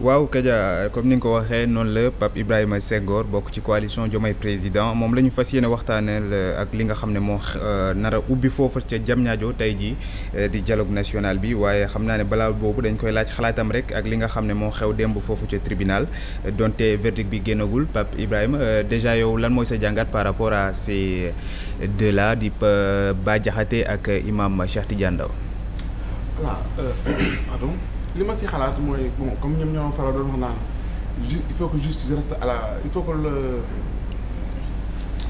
waaw Kaja comme ni nga ko waxee noonu la Pape Ibrahima Senghor bokk ci coalition Diomaye président moom la ñu fas yéene waxtaaneel euh, ak li nga xam ne moo euh, nar a ubbi foofu ca naajo tey jii euh, di dialogue national bi waaye xam naa ne balaa boobu dañ koy laaj xalaatam rek ak li nga xam ne moo xew démb foofu ca tribunal donte verdict bi génnagul Pape Ibrahima déjà yow lan mooy sa jàngat par rapport à ces deux di Bah Diakhaté ak imam Cheikh ti Ndao li ma si xalaat mooy bon comme ñoom ñoo faral doon wax naan il faut que justice reste à la il faut que le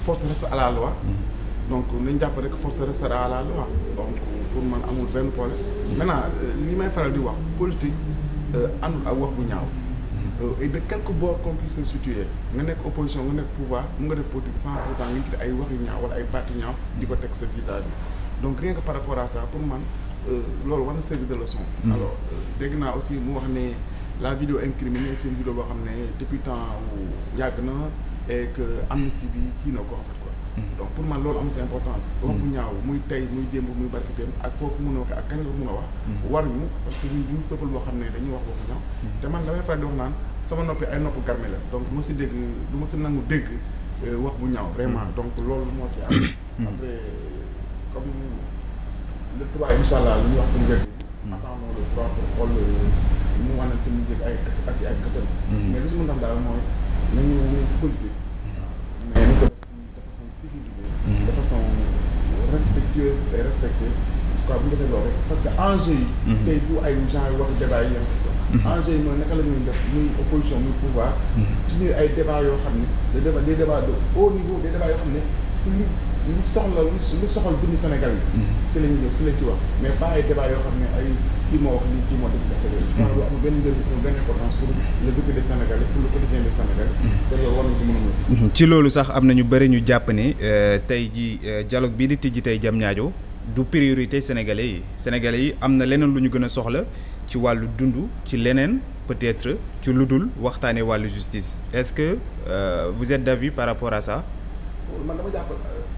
force reste à la loi. Mm-hmm. donc nañ jàpp rek force restera à la loi donc pour man amul benn problème. Mm-hmm. maintenant euh, li may faral di wax politique euh, àndul ak wax bu ñaaw. Mm-hmm. Euh, et de quelque bord qu'on puisse se situer nga nekk opposition nga nekk pouvoir mu nga def politique sans pour autant nga gis ay wax yu ñaaw wala ay baat yu ñaaw di ko teg sa visage bi donc rien que par rapport à ça pour man. Euh, loolu war na servir de leçon hmm. alors euh, dégg naa aussi mu wax ne la vidéo incriminée c'est une vidéo boo xam ne depuis temps yàgg na et que amnistie bi kii na ko en fait hmm. donc pour man loolu am sa importance wax hmm. bu ñaaw muy tey muy démb muy barki démb ak foo ko mën a ak kañ la ko mën wax war ñu parce que ñun duñu peuple boo xam ne dañuy wax waxu ñaaw te man wax naan sama noppi ay nopp garme la donc du ma si dégg du ma si nangu dégg euh, wax bu ñaaw vraiment donc loolu moo si am après le 3 incha allah lu ñuy wax pour verdi bi. Hmm. attendons le 3 pour xool euh, mu wane te mu jëkk ay ak ay këtam. Hmm. mais li si mën a am daal mooy nañu politique. Hmm. mais ñu ko def de façon civilisée. de façon respectueuse et respectée. waaw bu ñu defee loolu rek parce que enjeu yi. tey bu ay genre wax débat yi yem enjeu yi mooy naka la ñuy def muy opposition muy pouvoir. tenir ay débat yoo xam ne des débats des débats de haut niveau des débats yoo xam ne si li. soxla lu soxal dundu Sénégal yi. Mm-hmm. ci wax mais pas ay yoo xam ne moo wax lii kii moo def mm-hmm. mm-hmm. loolu ci loolu sax am na ñu bëri ñu jàpp ne euh, tey jii euh, dialogue bii di tijj tey jam ñaajo du priorité sénégalais yi sénégalais yi am na leneen lu ñu gën a soxla ci wàllu dund ci leneen peut-être ci lu dul waxtaanee wàllu justice est-ce que euh, vous êtes d'avis par rapport à ça.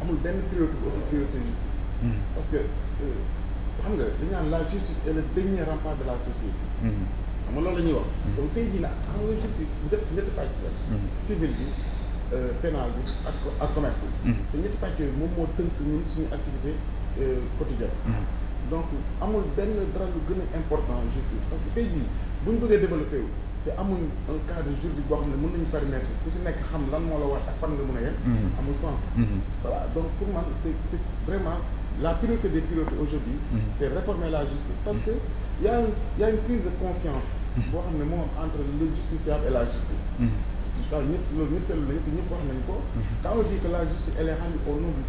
amul benn priorité bu ëpp justice. Hmm. parce que euh, xam nga dañu la justice est le dernier de la société. Hmm. xam nga loolu la ñuy wax. Hmm. donc tey jii nag xam nga justice ñett ñetti pàcc la. civil bi euh, pénal bi ak ak te ñetti pàcc yooyu moom moo tënk ñun suñu activité euh, quotidienne. donc amul benn dara lu gën a important justice parce que tey jii buñ bëggee développé wu. te amuñ un cadre juridique boo xam ne mën nañu permettre ku si nekk xam lan moo la war ak fan nga a yem. Mhm. amul sens. Mhm. voilà donc pour man c'est c'est vraiment la priorité des priorités aujourd'hui mhm. c'est réformer la justice parce que ya a une y a une crise de confiance. boo xam ne moom entre le la justice. waaw ñëpp si loolu ñëpp seetlu na ñëpp ñëpp wax nañu ko. quand on dit que la justice elle est rendue au nom du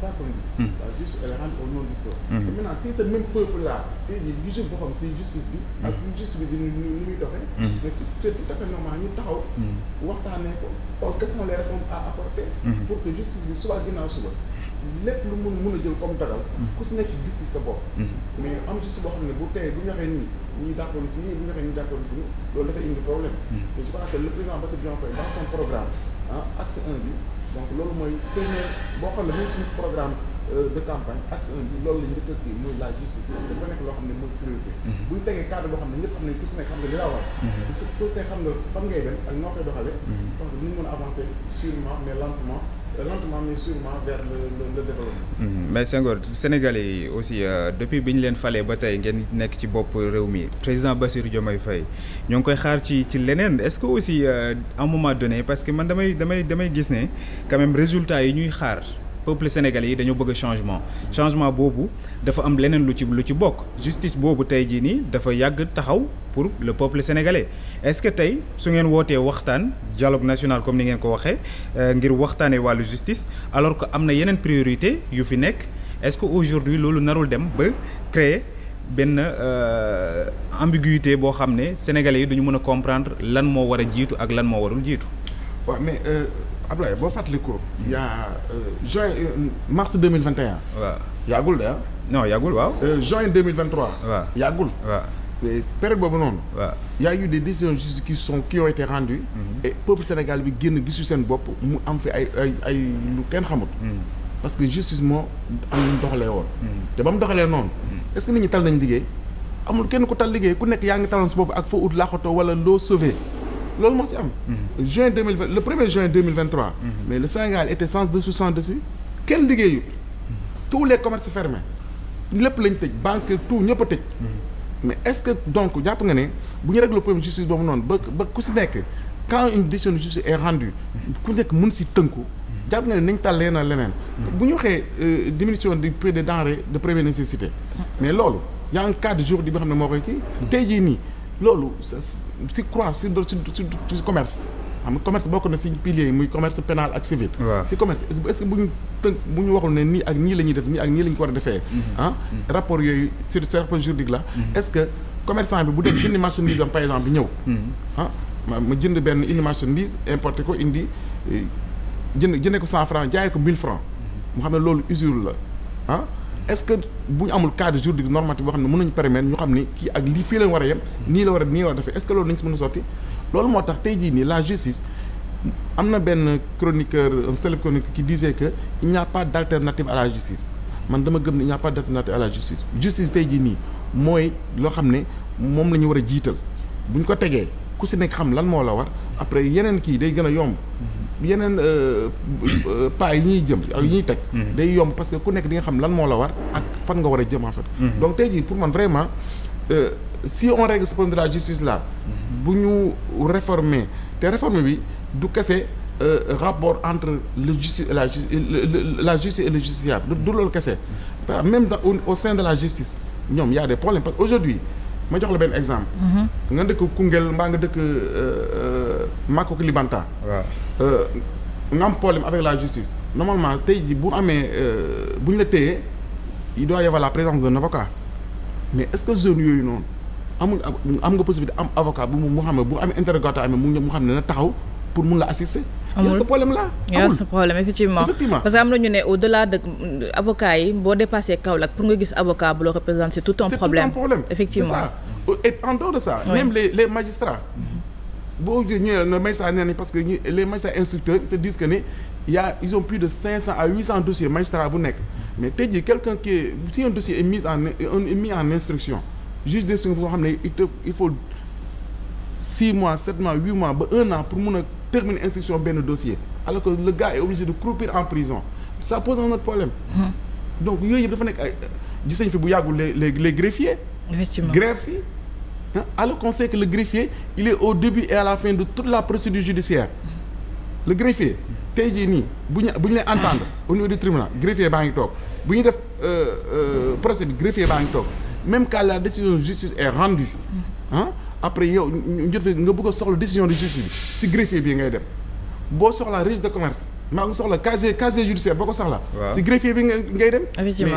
ça pour nous. Hmm. la justice elle rentre au nom du peuple. Hmm. te maintenant si ce même si justice bi. Hmm. ak si bi di nu muy doxee. mais si c'est tout à fait normal ñu taxaw. waxtaanee ko or quelles sont les réformes à apporter. pour que justice bi soit ginnaaw suba. lépp lu mun mun a jël comme dagal. ku si nekk gis si sa bopp. mais am justice boo xam ne bu tey bu ñu waxee nii ñu d'accord si ñii bu ñu waxee ñuy si ñii loolu dafay indi problème. te je crois que le président Bassirou Diomaye Faye dans son programme ah axe bi. donc loolu mooy xëy na boo xoolee même suñu programme euh, de campagne axe 1 bi loolu la njëkk a kii muy la nekk loo xam ne mooy priorité mm-hmm. bu ñu tegee cadre boo xam ne ñëpp xam ne ku si nekk xam nga li la war mm-hmm. ku si nekk xam nga fan ngay dem ak noo koy doxalee mm-hmm. donc ñu mën a avancer sûrement mais lentement lentement mais sûrement vers mhm. mais Senghor Sénégalais yi aussi euh, depuis bi ñu leen falee ba tey ngeen nekk ci bopp réew mi président Bassirou Diomaye Faye ñoo ngi koy xaar ci ci leneen est-ce que aussi euh, à un moment parce que man damay damay damay gis ne quand même résultat yi ñuy xaar. peuple sénégalais yi dañoo bëgg changement changement boobu dafa am leneen lu ci lu ci bokk justice boobu tey jii nii dafa yàgg taxaw pour le peuple sénégalais est-ce que tey su ngeen wootee waxtaan dialogue national comme ni ngeen ko waxee euh, ngir waxtaanee wàllu justice alors que am na yeneen priorité yu fi nekk est-ce que aujourd'hui loolu narul dem ba créer benn euh, ambiguïté boo xam ne sénégalais yi duñu mën a comprendre lan moo war a jiitu ak lan moo warul jiitu euh, Ablaye boo fàttalikoo. y' a euh, juin euh, mars deux mille vingt et un. waaw yàggul de ah. non yàggul waaw. Euh, juin deux mille yàggul. waaw boobu noonu. waaw y' a eu des décisions juste qui sont qui ont été rendues. Mhm. peuple Sénégal bi génn gisu seen bopp mu am fi ay ay ay lu kenn xamut. Mhm. parce que justice moo am lu mu doxalee woon. Mhm. te ba mu doxalee noonu. est-ce que nit ñi tal nañ liggéey. amul kenn ko tal liggéey ku nekk yaa ngi taloon si bopp ak foo ut laaxatoo wala loo sauver. loolu moo si am. Mhm. juin deux mille vingt le premier juin deux mille vingt trois. Mhm. mais le Sénégal était sans dessous sans dessus kenn liggéeyu mhm. tous les commerces fermés lépp lañ tëj banque tout ñëpp a tëj. mais est-ce que donc jàpp nga ne bu ñu réglé problème justice boobu noonu ba ba ku si nekk quand une décision de justice est rendue ku nekk mën si tënku. jàpp nga ne nañ tal leneen leneen. bu ñu waxee euh, diminution du prix des denrées de première nécessité. mais loolu y a un cadre juridique bi nga xam ne moo koy kii. tey jii nii. loolu si croix si si commerce xam nga commerce bokk na si piliers yi muy commerce pénal ak civil. si commerce est bu ñu tënk bu ñu waxul ne nii ak nii la ñuy def nii ak nii la ñu ko war defee. Mm-hmm. Ah, mm-hmm. rapport yooyu sur ces rapports juridiques la. Mm-hmm. est-ce que commerçant bi bu dee jënd marchandise am par exemple ñëw. ah ma jënd benn indi marchandise importé ko indi eh, jënd jëndee ko cent franc jaayee ko mille franc. mu xam ne loolu usure la ah. est-ce que bu ñu amul cadre juridique normatif boo xam ne mën nañu permettre ñu xam ne kii ak lii fii lañ war a yem nii la war a war a defee est-ce que loolu nañ si mën sotti loolu moo tax tey jii nii la justice am na benn chroniqueur un célèbre chroniqueur qui disait que il n'y a pas d'alternative à la justice man dama gëm ne il n'y a pas d'alternative à la justice justice tey jii nii mooy loo xam ne moom la ñu war a jiital bu ñu ko tegee ku si nekk xam lan moo la war après yeneen kii day gën a yomb yeneen euh, euh, pas yi ñuy jëm yi ñuy teg mhm. day yomb parce que ku nekk di nga xam lan moo la war ak fan nga war a jëm en fait mhm. donc tey jii pour man vraiment euh, si on règle ce de la justice mhm. bu ñu réformer te bi du kese Euh, rapport entre le justice la ju la justice et le justiciable du du loolu kese même dans au, sein de la justice ñoom y a des problèmes parce que aujourd'hui ma jox la benn exemple. nga dëkk Koungheul mbaa nga dëkk Makko Euh, nga am problème avec la justice normalement tey ji bu amee euh, bu ñu la téyee il doit y avoir la présence d'un avocat mais est-ce que zone yooyu noonu amul am nga possibilité am avocat bu mu xam ne bu amee interrogatoire mu mu xam ne na taxaw pour mun la assister. amul ce problème la amul ce problème effectivement. parce que am na ñu ne au delà de euh, avocat yi boo dépassé Kaolack pour nga gis avocat bu la représente c'est tout un problème. c'est tout un problème effectivement. c'est et en dehors les les boo ñëwee na parce que les magistrats instructeurs te disent que ne cent à huit cent dossiers magistrat bu tey jii quelqu'un qui est si un dossier est mis en ne il te mois sept mois huit mois ba un an pour mun a terminer instruction benn dossier alors que le gars est obligé de croupir en prison ça pose un autre problème hmm. donc yooyu yëpp dafa nekk ay gis nañ fi bu yàggul les les les greffiers greffe alors qu'on sait que le greffier il est au début et à la fin de toute la procédure judiciaire le greffier tey jii nii bu ñu bu ñu lay entendre au niveau du tribunal greffier baa ngi toog bu ñuy def euh, euh, procès bi greffier baa ngi toog même quand la décision de justice est rendue ah après yow njot fe nga bëgg a soxla décision de justice bi si greffier bi ngay dem boo soxla registre de commerce maa ngi soxla casier casier judiciaire boo ko soxla si greffier bi ngay dem mais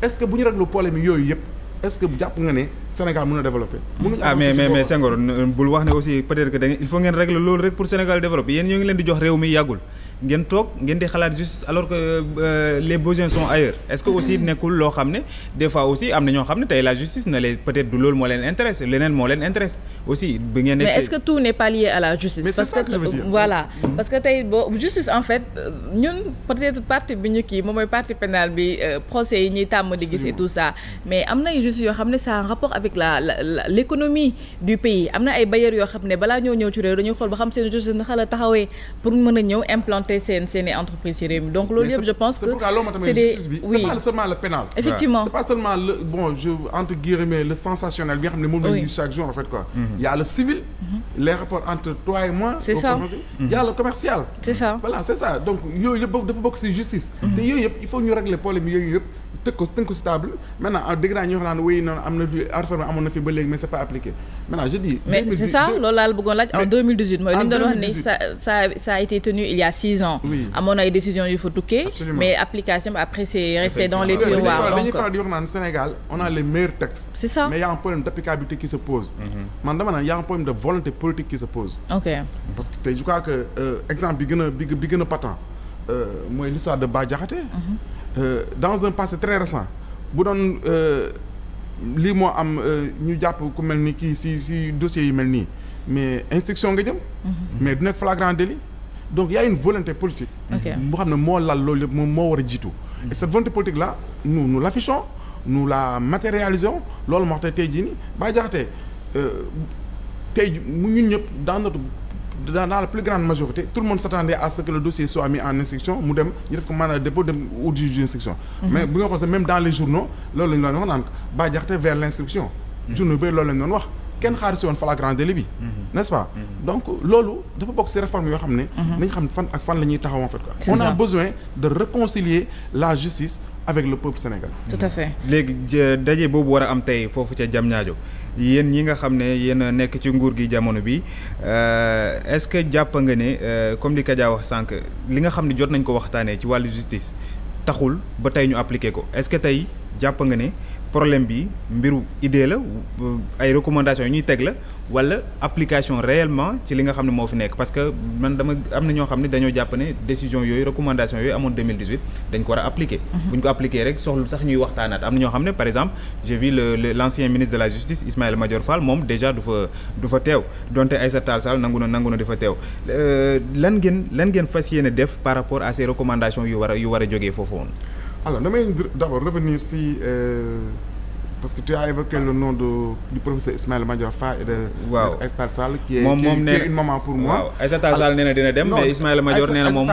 est-ce que bu ñu réglu problème yooyu yëpp est-ce que jàpp nga ne Sénégal mën a développer. ah mais mais mais Senghor bul wax ne aussi peut-être il faut ngeen régler loolu rek pour Sénégal développer yéen ñoo ngi leen di jox réew mi yàggul. ngeen toog ngeen di xalaat justice alors que euh, les besoins sont ailleurs est-ce que mm-hmm. aussi nekkul loo xam ne des aussi am na ñoo xam ne tey la justice ne les peut du loolu moo leen intéresse leneen moo leen intéresse aussi bi ngeen mais est mais parce ça que, voilà mm-hmm. parce que tey boo justice en fait ñun peut-être bi ñu kii moom mooy partie pénale bi euh, procès yi ñuy tàmm di gis tout ça mais am na justice yoo xam ne ça rapport avec la la l'économie la taxawee porter seen seen i entreprise ci réew donc loolu yëpp je pense que c'est des oui seulement le pénal effectivement c'est pas seulement le sensationnel bi nga ne moom la chaque jour en fait quoi mhm. il y a le civil mhm. les rapports entre toi et moi c'est ça mhm. il y a le commercial c'est ça donc yooyu yëpp dafa bokk justice te yooyu yëpp il faut ñu régler problème yooyu yëpp tëg ko tënk stable maintenant ah dégg naa ñu wax naan noonu am na fi réforme amoon na fi ba léegi mais c'est pas appliqué maintenant je dis. mais c'est ça loolu la bëggoon laaj en mooy li ñu doon wax ni ça ça a été tenu il y six ans. amoon ay décisions yu fa tukkee. mais application après c'est resté dans les tiroirs donc dañuy les meilleurs textes. c'est ça mais y a problème d'applicabilité qui se pose. Mhm. man dama naan y problème de volonté politique qui se que tey je crois euh, Euh, dans un passé très récent bu doon euh, lii moo am euh, ñu jàpp ku mel ni kii si si dossiers yi mel nii mais instruction nga jëm. Mhm. mais du nekk flagrant délit donc y a une volonté politique. boo xam ne moo lal loolu lépp moom moo war a jiitu. et cette volonté la nu nous nous nu laa la matérialisons loolu moo tax tey jii nii ba jaxatee tey ñun ñëpp dans notre dans la plus grande majorité tout le monde s'attendait que le dossier soit mis en instruction mu dem ñu def ko mandat de dem au juge d'instruction mhm. mais bu nga xool sax même dans les journaux loolu la ñu wax naan Bah Diakhaté vers l'instruction mhm. journaux bi loolu la ñu doon wax kenn xaar si woon flagrant bi mhm. nest pas donc loolu dafa bokk ci réforme yoo xam ne nañ xam fan ak fan la ñuy taxaw en fait quoi a besoin de réconcilier la justice avec le peuple sénégalais tout a yéen ñi nga xam ne yéen nekk ci nguur gi jamono bi euh, est-ce que jàpp nga ne euh, comme li Kaja wax sànq li nga xam ne jot nañ ko waxtaanee ci wàllu justice taxul ba tey ñu appliqué ko est-ce que tey jàpp nga ne. problème bi mbiru idée la ay recommandations yi ñuy teg la wala application réellement ci li nga xam ne moo fi nekk parce que man dama am na ñoo xam ne dañoo jàpp ne décision yooyu recommandation yooyu amoon 2018 dañ ko war a appliquer. Mhm. bu ñu ko appliquer rek soxlu sax ñuy waxtaanaat am na ñoo xam ne par exemple j'ai le le l'ancien ministre de la justice Ismaïla Madior Fall moom déjà du fa du fa teew donte Aïssata Tall Sall nangu na nangu na di fa teew euh, lan ngeen lan ngeen fas yéene def par rapport à ces recommandations yu war a yu war a jógee foofu woon. alors damay d'abord revenir si euh, parce que tu as évoqué le nom de du professeur Ismaïla Madior Fall et de. waaw Aïssata Tall Sall. qui est na qui est une maman pour moi. waaw Aïssata Tall nee na dina dem. mais Ismaïla Madior nee na moom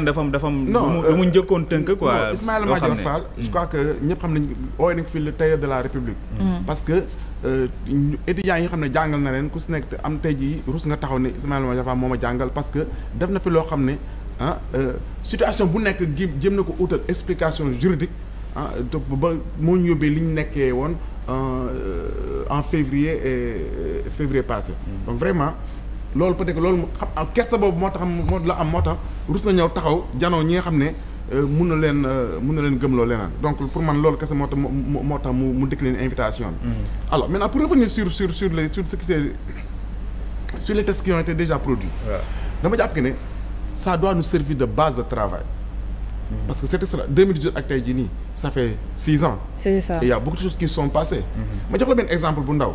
lu mu euh, njëkkoon tënk quoi. non Ismaïla Madior Fall. je que ñëpp xam nañu ooy nañu fi le tailleur de la République. Mm. Mm. parce que. Euh, étudiants yi xam ne jàngal na leen ku si nekk am tey jii rus nga taxaw ne Ismaïla Madior Fall moo ma jàngal parce que def na fi loo xam ne ah euh, situation bu nekk gi jëm na ko utal explication juridique ah ba moo ñu yóbbee li ñu nekkee woon euh, euh, en février et février passé mm-hmm. donc vraiment loolu peut-être loolu xam ah, kersa boobu moo tax moo la am moo tax rus na taxaw janoo ñi nga xam ne mun na leen mun na leen gëmloo leneen donc pour man loolu kese moo tax moo tax mu mu décliné invitation bi. Mm-hmm. alors maintenant pour revenir sur sur sur les sur ce qui c'est sur les textes qui ont été déjà produits. dama jàpp que ne. ça doit nous servir de base de travail. Mm-hmm. parce que c'était cela 2018 ak tey jii nii ça fait six ans. c'est ça et il y a beaucoup de choses qui sont passées. Mm-hmm. ma jox la benn exemple bu ndaw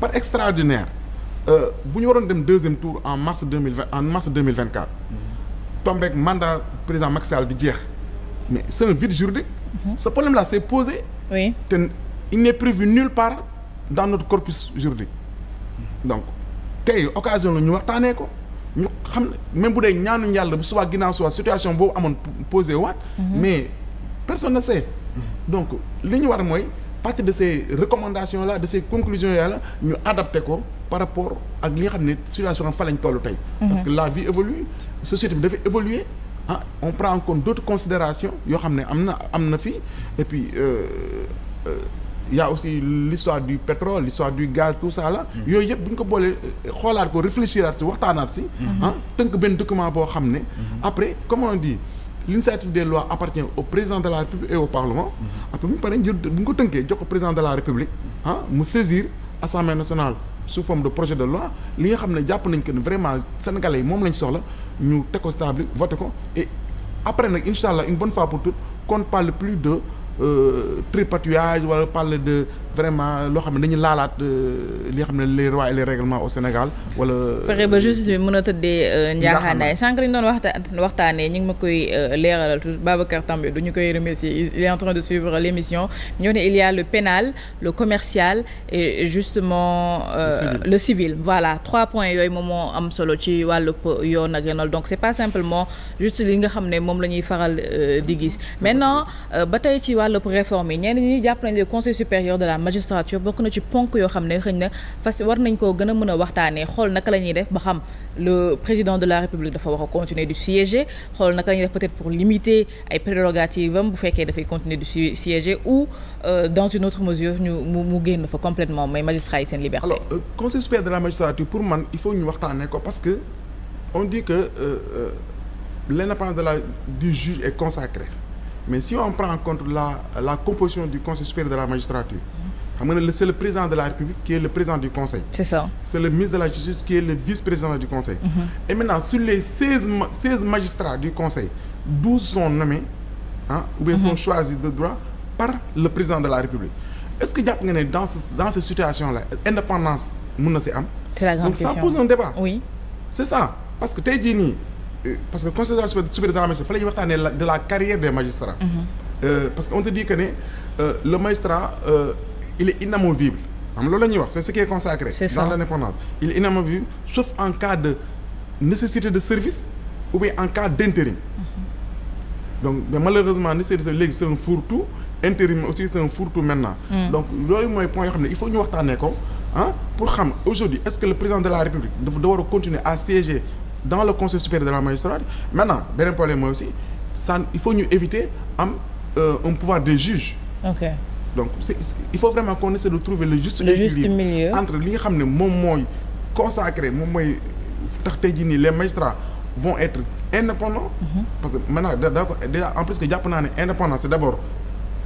par extraordinaire euh, bu ñu waroon dem deuxième tour en mars deux mille vingt en mars deux mille vingt quatre. Mm-hmm. tombeek mandat président Macky Sall di jeex mais c'est un vide juridique. ce problème là s'est posé. oui te il n'est prévu nulle part dans notre corpus juridique. donc tey occasion la ñu waxtaanee ko. ñu xam ne même bu dee ñaanuñ yàlla bu subaa ginnaaw subaa situation boobu amoon posé waat. Mhm. mais personne ne sait. Mhm. donc li ñu war mooy partie de ces recommandations la de ces conclusions yàlla ñu adapté ko par rapport ak li xam ne situation fa lañ toll tey. Mhm. parce que la vie évolue société bi dafa évoluer ah on prend en compte d' autres considérations yoo xam ne am na am na fi et euh, euh, y a aussi l'histoire du pétrole l'histoire du gaz tout ça mm-hmm. yooyu yëpp bu ñu ko boolee xoolaat ko réfléchiraat si waxtaanaat si mm-hmm. ah tënk benn document boo xam ne mm-hmm. après comment on dit l'initiative des lois appartient au président de la république et au parlement après bu ñu paree jël ko tënkee jox ko président de la république ah mu saisir assemblée nationale sous forme de projet de loi li nga xam ne jàpp nañ que ne vraiment sénégalais yi moom lañ soxla ñu teg ko stable voté ko et après incha allah une bonne fois pour toutes qu'on de Euh, tripatouillage wala parle de vraiment loo xam ne dañu laalaat euh, li nga xam ne les lois et les règlements au Sénégal wala. Euh, fexe ba justice bi mën a tëddee. njaaxaanaay sànq dañu doon waxta waxtaanee ñu ngi ma koy leeralal tout Babacar Tambe du ñu koy remercier il est en train de l' émission ñoo ne il y a le commercial et justement. Euh, le civil voilà trois points yooyu moom moo am solo ci wàllu yoon ak yoonal donc c' est pas simplement juste li nga xam ne moom la ñuy faral di gis. maintenant ba tey ci wàllub réforme yi ñenn ñi jàpp nañu ne conseil supérieur de la magistrature bokk na ci ponk yoo xam ne xëñ na fas war nañ koo gën a mën a waxtaanee xool naka la def ba xam le président de la république dafa wax a continuer du siéger xool naka la ñuy def peut-être pour limiter ay prérogatives am bu fekkee dafay continuer du siéger ou euh, dans une autre mesure mu génn fa complètement mais magistrat yi seen liberté. alors euh, conseil supérieur de la magistrature euh, euh, du juge est mais si on prend en compte la la composition du conseil supérieur de la magistrature xam nga ne c'est le président de la république qui est le président du conseil c'est le ministre de la justice qui est le vice-président du conseil mm-hmm. et maintenant sur les magistrats du conseil douze sont nommés ou bien mm-hmm. sont choisis de droit par le président de la république est-ce que jàpp nga ne dans ce, dans cette situation là c'est la grande question oui c'est ça parce parce que conseil supérieur de la magistrature fa la ñuy waxtaanee de la carrière des magistrats. Mhm. Euh, parce que on te dit que ne euh, le magistrat euh, il est inamovible xam loolu la wax c'est ce qui est consacré. C'est ça. dans il est inamovible sauf en cas de nécessité de service ou bien en cas d'intérim. Mhm. donc malheureusement nécessité léegi c'est un tout intérim aussi c'est un fourre-tout maintenant. Mm. donc yooyu mooy point yoo xam ne il faut ñu waxtaanee ko ah a dans le conseil supérieur de la magistrature maintenant beneen problème mooy aussi ça il faut ñu éviter am euh, un pouvoir de juge. ok donc c'est, il faut vraiment qu'on essaie de trouver le juste, milieu entre li nga xam ne moom mooy consacré moom moy tax tey jii nii les magistrats vont être indépendants. Mm -hmm. parce que maintenant d'accord déjà en plus que jàpp naa ne indépendance c'est d'abord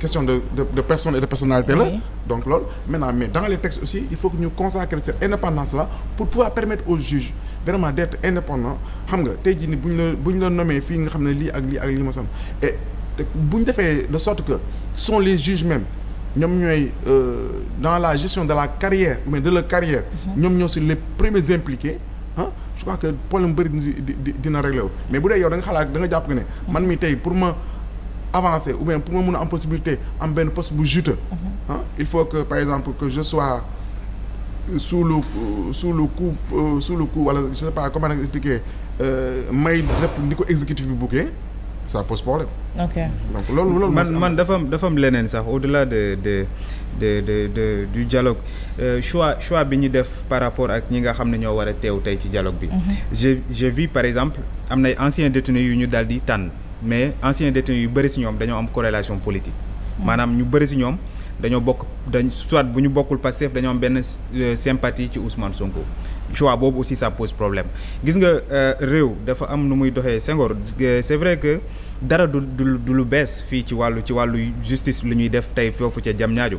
question de de de personne et de personnalité oui. donc loolu maintenant mais dans les ñu consacrer cette indépendance pour pouvoir permettre aux vraiment d'être indépendant xam nga tey jii ni bu ñu la bu ñu la nomee fii nga xam ne lii ak lii ak lii ma sam bu ñu defee de sorte que sont les juges même ñoom ñooy euh, dans la gestion de la carrière mais de leur carrière mhm. ñoom ñoo si les premiers impliqués su je crois que problème bëri di dina réglé wu mais bu dee yow da xalaat da jàpp que ne man mi tey pour ma avancer ou bien pour ma mun a am possibilité am benn poste bu juteux mhm. il faut que par exemple que je sois sous le sous le coup euh, sous le coup wala je sais pas comment expliquer euh, may def ni ko exécutif bi buggee ça pose problème. ok donc loolu loolu. man man dafa am dafa am leneen sax au-delà de de de de de du dialogue euh, choix bi ñu def par rapport ak ñi nga xam ne ñoo war teew tey ci dialogue bi. Mhm. j'ai j'ai par exemple am nay anciens détenus yu ñu daal di tànn mais anciens détenus yu bari si ñoom dañoo am corrélation politique. Mhm. maanaam ñu bëri si ñoom. dañoo bokk dañ soit bu ñu bokkul Pastef dañoo am benn euh, sympathie ci Ousmane Sonko choix boobu aussi ça pose problème gis nga euh, réew dafa am nu muy doxee Senghor euh, c'est vrai que dara du du du lu bees fii ci wàllu ci wàllu justice lu ñuy def tey foofu ca jam ñaaju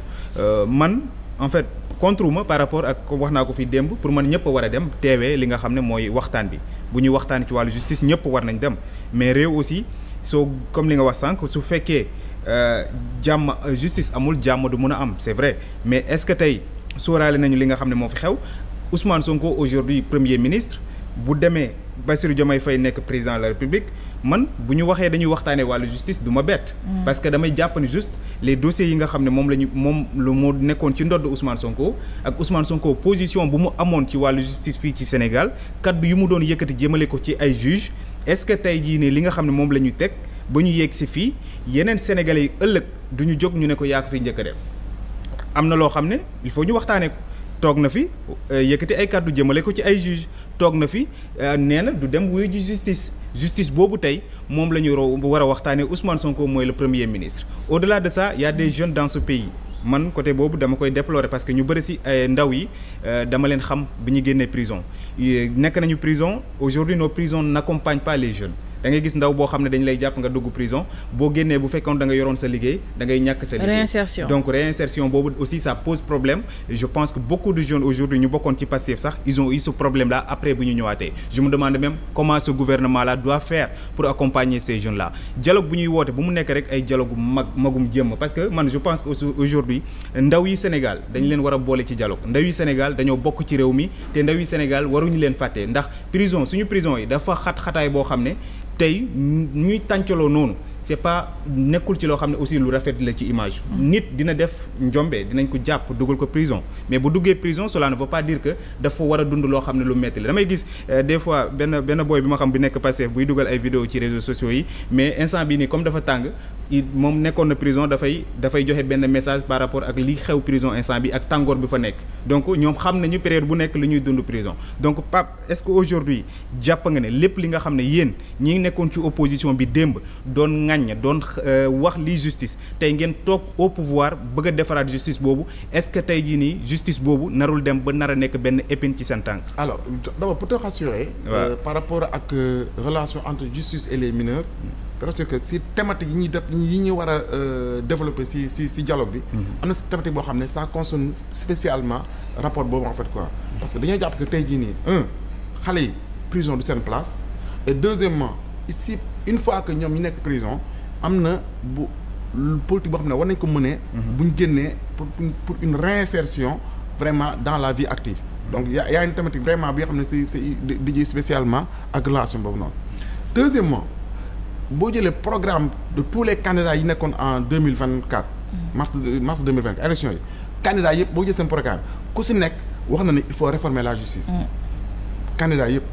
man en fait contre par rapport ak wax naa ko fi démb pour man ñëpp a war a dem teewee li nga xam ne mooy waxtaan bi bu ñuy waxtaan ci wàllu justice ñëpp war nañ dem mais réew aussi soo comme li nga wax sànq su fekkee Euh, jàmm euh, justice amul jàmm du mën a am c'est vrai mais est-ce que tey sóoraale nañu li nga xam ne moo fi xew Ousmane Sonko aujourd'hui premier ministre bu demee Bassirou Diomaye fay nekk président de la République man bu ñu waxee dañuy waxtaanee wàllu justice du ma bett. Mm. parce que damay jàpp ni juste les dossiers yi nga xam ne moom la ñu moom lu moo nekkoon ci ndodd Ousmane Sonko ak Ousmane Sonko position bu mu amoon ci wàllu justice fii ci Sénégal kaddu yu mu doon yëkkati jëmale ko ci ay juge est-ce que tey jii ne li nga xam ne moom la ñu teg. ba ñu yegg si fii yeneen sénégalais yi ëllëg du ñu jóg ñu ne ko yaa ko fi njëkk def am na loo xam ne il faut ñu waxtaanee toog na fi euh, yëkkati ay kàddu jëmale ko ci ay juge toog na fi euh, nee na du dem wuyu ji justice justice boobu tey moom la ñu war a waxtaanee Ousmane Sonko mooy le premier ministre au de ça y a des jeunes dans ce pays man côté boobu dama koy déplorer parce que ñu bëri si euh, ndaw yi dama leen xam bi ñu génnee prison nekk nañu prison aujourd'hui nos prisons n'accompagnent pas les jeunes dangay ngay gis ndaw boo xam ne dañ lay jàpp nga dugg prison boo génnee bu fekkoon da nga yoroon sa liggéey da ngay ñàkk sa liggéey réinsertion donc réinsertion boobu aussi ça pose problème je pense que beaucoup de jeunes aujourd'hui ñu bokkoon ci Pastef sax ils ont eu ce problème là après bu ñu ñëwaatee je me demande même comment gouvernement là doit faire pour accompagner ces jeunes là dialogue bu ñuy woote bu mu nekk rek ay dialogue mag magum jëmm parce que man je pense que aujourd'hui ndaw yi Sénégal dañ leen war a boole ci dialogue ndaw yi Sénégal dañoo bokk ci réew mi te ndaw yi Sénégal waruñu leen fàtte ndax prison suñu prison yi dafa xat xataay boo xam ne tey ñuy tàncaloo noonu c'est pas nekkul ci loo xam ne aussi lu rafet la ci image. Mm. nit dina def njombe dinañ ko jàpp dugal ko prison mais bu duggee prison cela ne veut pas dire que dafa war a dund loo xam ne lu metti la damay gis euh, des fois benn benn boy bi ma xam bi nekk passé buy dugal ay vidéo ci réseaux sociaux yi mais instant bi nii comme dafa tàng moom nekkoon na prison dafay dafay joxe benn message par rapport ak li xew prison instant bi ak tàngoor bi fa nekk donc ñoom xam nañu période bu nekk li ñuy dund prison donc pap est-ce que aujourd'hui jàpp nga ne lépp li nga xam ne yéen ñi nekkoon ci opposition bi démb ŋàññ doon euh, wax lii justice tey ngeen toog au pouvoir bëgg defaraat justice boobu est-ce que tey jii nii justice boobu narul dem ba nar a nekk benn épine ci seen tànk. alors d'abord pour te rassurer. Euh, par rapport ak euh, relation entre justice et les mineurs. parce que si thématique yi ñuy def yi ñuy war a développer si si si dialogue bi. Mhm. am na thématique boo xam ne sa concerne spécialement rapport boobu en fait quoi. parce que dañoo jàpp que tey jii nii xale yi prison du seen place une fois que ñoom ñu nekk prison am na bu politique boo xam ne war nañ ko mënee. Mhm. bu ñu génnee pour pour une réinsertion vraiment dans la vie active. donc y' a une thématique vraiment bi nga xam ne si si di spécialement ak relation boobu noonu. deuxièmement boo jëlee programme de tous les candidats yi nekkoon en deux mille vingt quatre. Mhm. mars mars deux mille vingt quatre élection yi. candidats yëpp boo jëlee seen programme ku si nekk wax na ne il faut réformer la justice. Mm. candidats yëpp.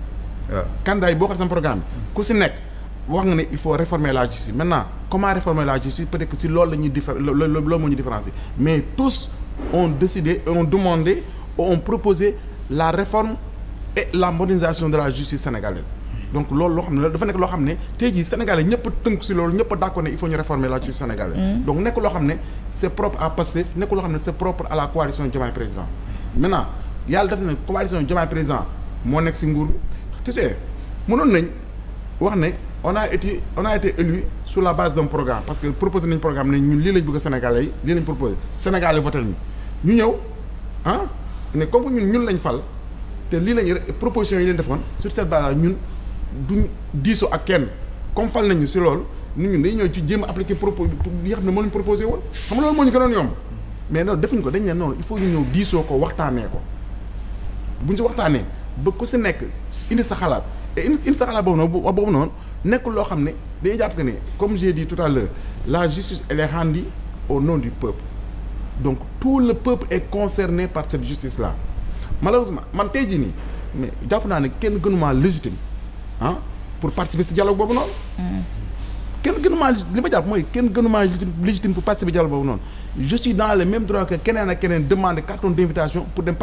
waaw ah. yi boo xoolee seen programme mm. ku si nekk. wax nga ne il faut réformer la justice maintenant comment réformer la justice peut-être que si loolu la ñuy diffé loolu moo ñu différencier mais tous ont la réforme et de la justice loo xam ne dafa nekk loo xam ne tey jii sénégalais ñëpp a tënk si loolu ñëpp a d'accord ne il la justice sénégalaise mm. donc nekk loo xam ne c'est propre à loo xam ne c'est propre à la coalition Diomaye président maintenant yàlla def na coalition moo nekk si nguur tu sais mënoon nañ wax ne on a été on a été élu sur la base d'un programme parce que proposé nañ programme ne ñu lii lañ bëgg Sénégalais yi lii lañ proposé Sénégalais voté ñu ñu ñëw ah ne comme ñun ñun lañ fal te lii lañ proposition yi leen defoon sur cette base ñun duñ diisoo ak kenn comme fal nañu si loolu nu ñu dañuy ñëw ci jéem a appliquer propos yi xam ne moo leen proposé woon xam nga loolu moo ñu gënoon yomb mais loolu defuñ ko dañ ne noonu il faut ñu ñëw diisoo ko waxtaanee ko buñ si waxtaanee ba ku si nekk indi sa xalaat et indi sa xalaat boobu noonu boobu noonu. nekk loo xam ne dañuy jàpp que ne comme j'ai dit tout à l'heure la justice elle est au nom du peuple donc tout le peuple est concerné par cette la là malheureusement man tey jii nii mais jàpp naa ne kenn gënumaa légitime ah pour participer si dialogue boobu noonu. Mm. kenn gënumaa li ma jàpp mooy kenn gënumaa dans le même droit que keneen ak keneen demande carton d'invitation pour dama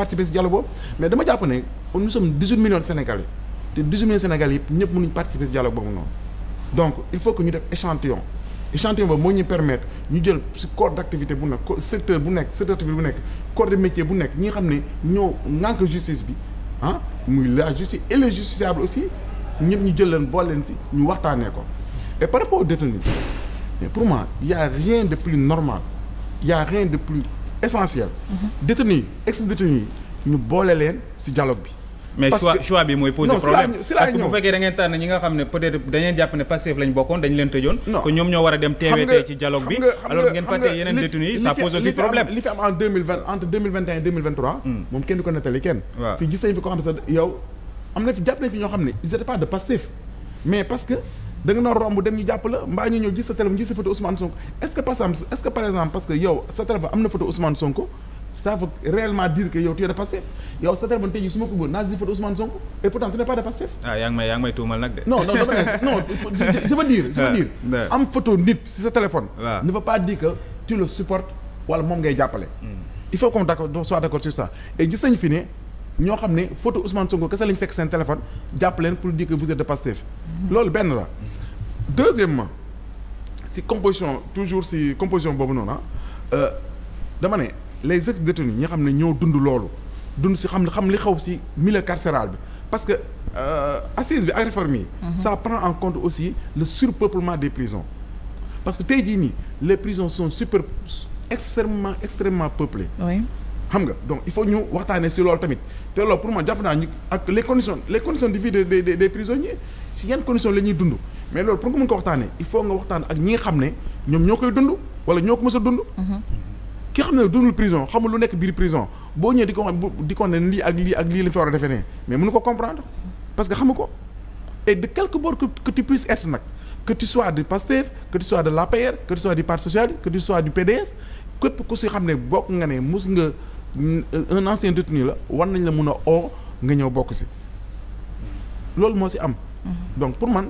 jàpp ne nous sommes 18 millions de Sénégalais. te 18 millions Sénégal yëpp ñëpp mënuñ participer si dialogue boobu noonu donc il faut que ñu def échantillon échantillon boobu moo ñuy permettre ñu jël si corps d' bu nekk secteur bu nekk secteur bu nekk corps de métier bu nekk ñi xam ne ñoo ŋànk justice bi ah muy la justice et les justiciables aussi ñëpp ñu jël leen boole leen si ñu waxtaanee ko et par rapport aux mais pour moi y' rien de plus normal ya a rien de plus essentiel. Mm-hmm. détenus ex détenus ñu boole leen si dialogue bi. mais choix choix bi mooy poser problème parce que bu fekkee da tànn ñi nga xam ne peut-être jàpp ne Pastef lañ bokkoon dañ leen tëjoon ko ñoom ñoo war a dem teewee tey ci dialogue bi alors ngeen xam ne am na fi jàpp nañ fi ñoo xam ne ils étaient pas de Pastef mais parce que da romb dem ñu jàpp la mbaa ñu ñëw gis sa téléphone gis sa photo Ousmane Sonko est-ce que par exemple est-ce que par exemple parce que yow sa téléphone am na ça veut réellement dire que yow tu es de Pastef yow sa téléphone tey jii su ma ko bëggoon naa si photo Ousmane Sonko et pourtant tu n'es pas de Pastef. ah yaa ngi may yaa ngi may tuumal nag de. non non non je veux dire je veux ah, dire. am photo nit si sa téléphone. Ah. ne veut pas dire que tu le supportes wala moom ngay jàppale. Hmm. il faut qu'on d'accord soit d'accord sur ça et gis nañu fi ne ñoo xam ne photo Ousmane Sonko kese lañu fekk seen téléphone jàpp leen pour dire que vous êtes de Pastef. Hmm. loolu benn la deuxièmement si composition toujours si composition boobu noonu ah euh, dama ne. les ex-détenus ñi xam ne ñoo dund loolu dund si xam xam li xaw si milieu carcéral bi parce que euh, assise bi ak réforme yi mhm. ça prend en compte aussi le sur surpeuplement des prisons parce que tey jii nii les prisons sont super extrêmement extrêmement peuplées oui. xam nga donc il faut ñu waxtaanee si loolu tamit te loolu pour moi jàpp naa ñu ak les conditions les conditions de vie des des des prisonniers si yan conditions la dund mais loolu pour nga mën ak ñi nga ne ñoom ñoo koy dund wala ñoo ko mës a dund. Mhm. ki xam ne doonul prison xamul lu nekk biir prison boo ñëwee di ko di ko ne lii ak lii ak lii war a defee ne mais mënu ko comprendre parce que xamu ko et de quelque bord que que tu puisses être nag que tu sois du PASTEF que tu sois de l'APR que tu sois du parti socialiste que tu sois du PDS képp ku si xam ne bokk nga ne mus nga un ancien détenu la war nañ la mun a oo nga ñëw bokk si loolu moo si am mm-hmm. donc pour man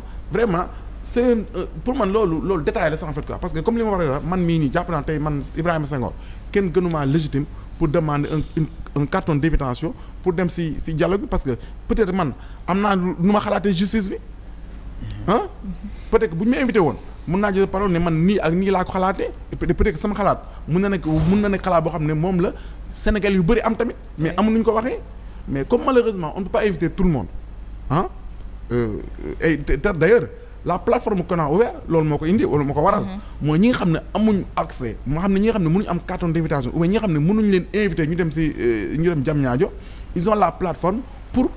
c' euh, pour man loolu loolu détail la sax en fait quoi parce que comme li ma waxee la man mii nii jàpp naa tey man Ibrahima Senghor kenn gënumaa légitime pour demander un une un carton d' invitation pour dem si si dialogue bi parce que peut être man am naa nu ma xalaatee justice bi ah mhm. peut être bu ñu ma invité woon mun naa jël parole ne man nii ak nii laa ko xalaatee peut être sama xalaat mun na nekk mun na nekk xalaat boo xam ne moom la Sénégal yu bëri am tamit mais amu nu ko waxee mais comme malheureusement on ne peut pas inviter tout d' euh, euh, ailleurs la plateforme qu'on a ouvert loolu moo ko indi wala moo ko waral mhm. moo ñi nga xam ne amuñ accès moo xam ne ñi nga xam ne am carton d'invitation ou xam ne mënuñ leen invité ñu dem si euh, ñu dem jam ñaajo la plateforme pour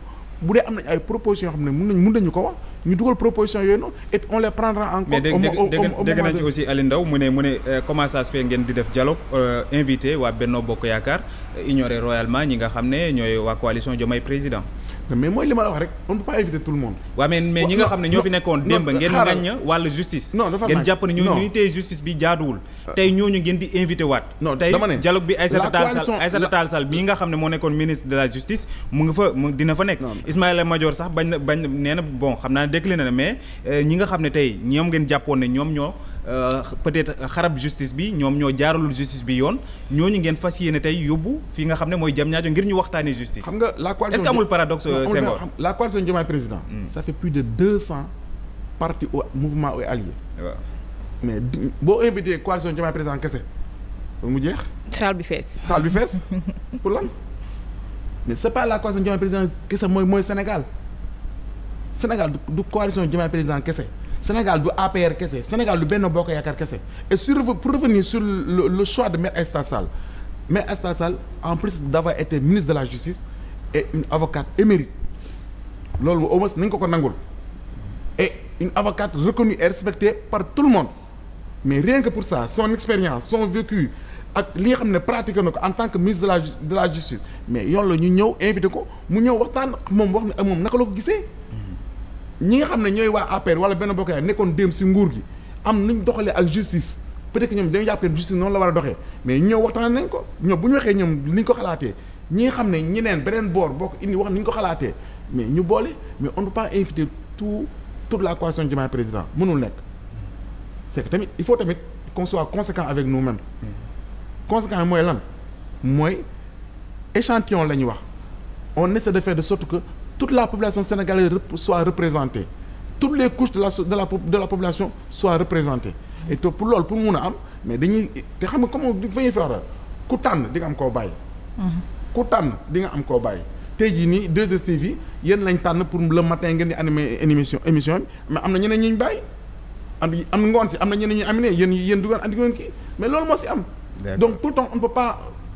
dee am nañ ay propositions yoo xam ne mun nañ mun nañu ko ñu dugal proposition yooyu noonu et puis on les prendra en compte. mais dégg ngeen di def dialogue euh, invité waa Benno Bokk Yaakaar euh, ignorer royalement ñi nga xam ne ñooy waa coalition Diomaye Président. mais mooy li a la wax rek on ne peut tout le monde. waaw mais ñi nga xam ne ñoo fi nekkoon démb ngeen ngañ wàllu justice. non dafa ngeen jàpp ne ñooñu ñu tey di invité waat. non dama ne tey dialogue bi nga xam ne moo nekkoon ministre de la justice mu nga fa mu dina fa nekk. Ismaïla Madior sax bañ na nee na bon xam naa ne décliné na mais euh, ne tey ñoom ngeen jàppoon ne ñoom ñoo Euh, peut-être xarab justice bi ñoom ñoo jaaralul justice bi yoon ñooñu ngeen fas yéene tey yóbbu fii nga xam ne mooy jam ñaajo ngir ñu waxtaanee justice. xam nga la coalition est-ce que amul paradoxe Senghor la président. Hmm. ça fait cent partis au mouvement au mais boo invité coalition Diomaye président kese mu jeex. salle bi fees. salle bi fees pour lan mais c'est pas la coalition Diomaye président kese mooy mooy Sénégal Sénégal du coalition Diomaye président kese. Sénégal du APR kese Sénégal du Benno Bokk Yaakaar kese et sur pour revenir sur le, le choix de Me Aïssata Sall Me Aïssata Sall en plus d'avoir été ministre de la justice et une avocate émérite loolu au moins nañ ko ko nangul et une avocate reconnue et respectée par tout le monde mais rien que pour ça son expérience son vécu ak li nga xam ne pratiqué na ko en tant que ministre de la de la justice mais yoon la ñu ñëw invité ko mu ñëw waxtaan moom wax ne ak moom naka la ko gisee ñi nga xam ne ñooy waa APR wala benn bokk yaa nekkoon déem si nguur gi am nuñ doxalee ak justice peut-être que ñoom dañu jàpp ne justice noonu la war a doxee mais ñoo waxtaan nañ ko ñoom bu ñu waxee ñoom ni ko xalaatee ñi nga xam ne ñeneen beneen boor bokk indi wax ni ñu ko xalaatee mais ñu boole mais on ne peut pas inviter tout toute la coalition Diomaye président mënul nekk c'est tamit il faut tamit qu'on soit conséquent avec nous-mêmes conséquent mooy lan mooy échantillon la ñuy wax on essaie de faire de sorte que tout la population sénégalaise soit représentée toutes les couches de la de la de la population soient représentées. et te pour loolu mun a am mais dañuy te xam nga comme fa ñuy fexe ku tànn di nga am koo bàyyi. Mm-hmm. ku tànn di am koo bàyyi. tey jii nii 2STV yi yéen lañ tànn pour le matin ngeen di animer émission émission mais am na ñeneen ñu ñu bàyyi. am ngoon si am na ñeneen ñu aminé yéen yéen du ngeen andi kii mais loolu moo si am. donc tout temps on ne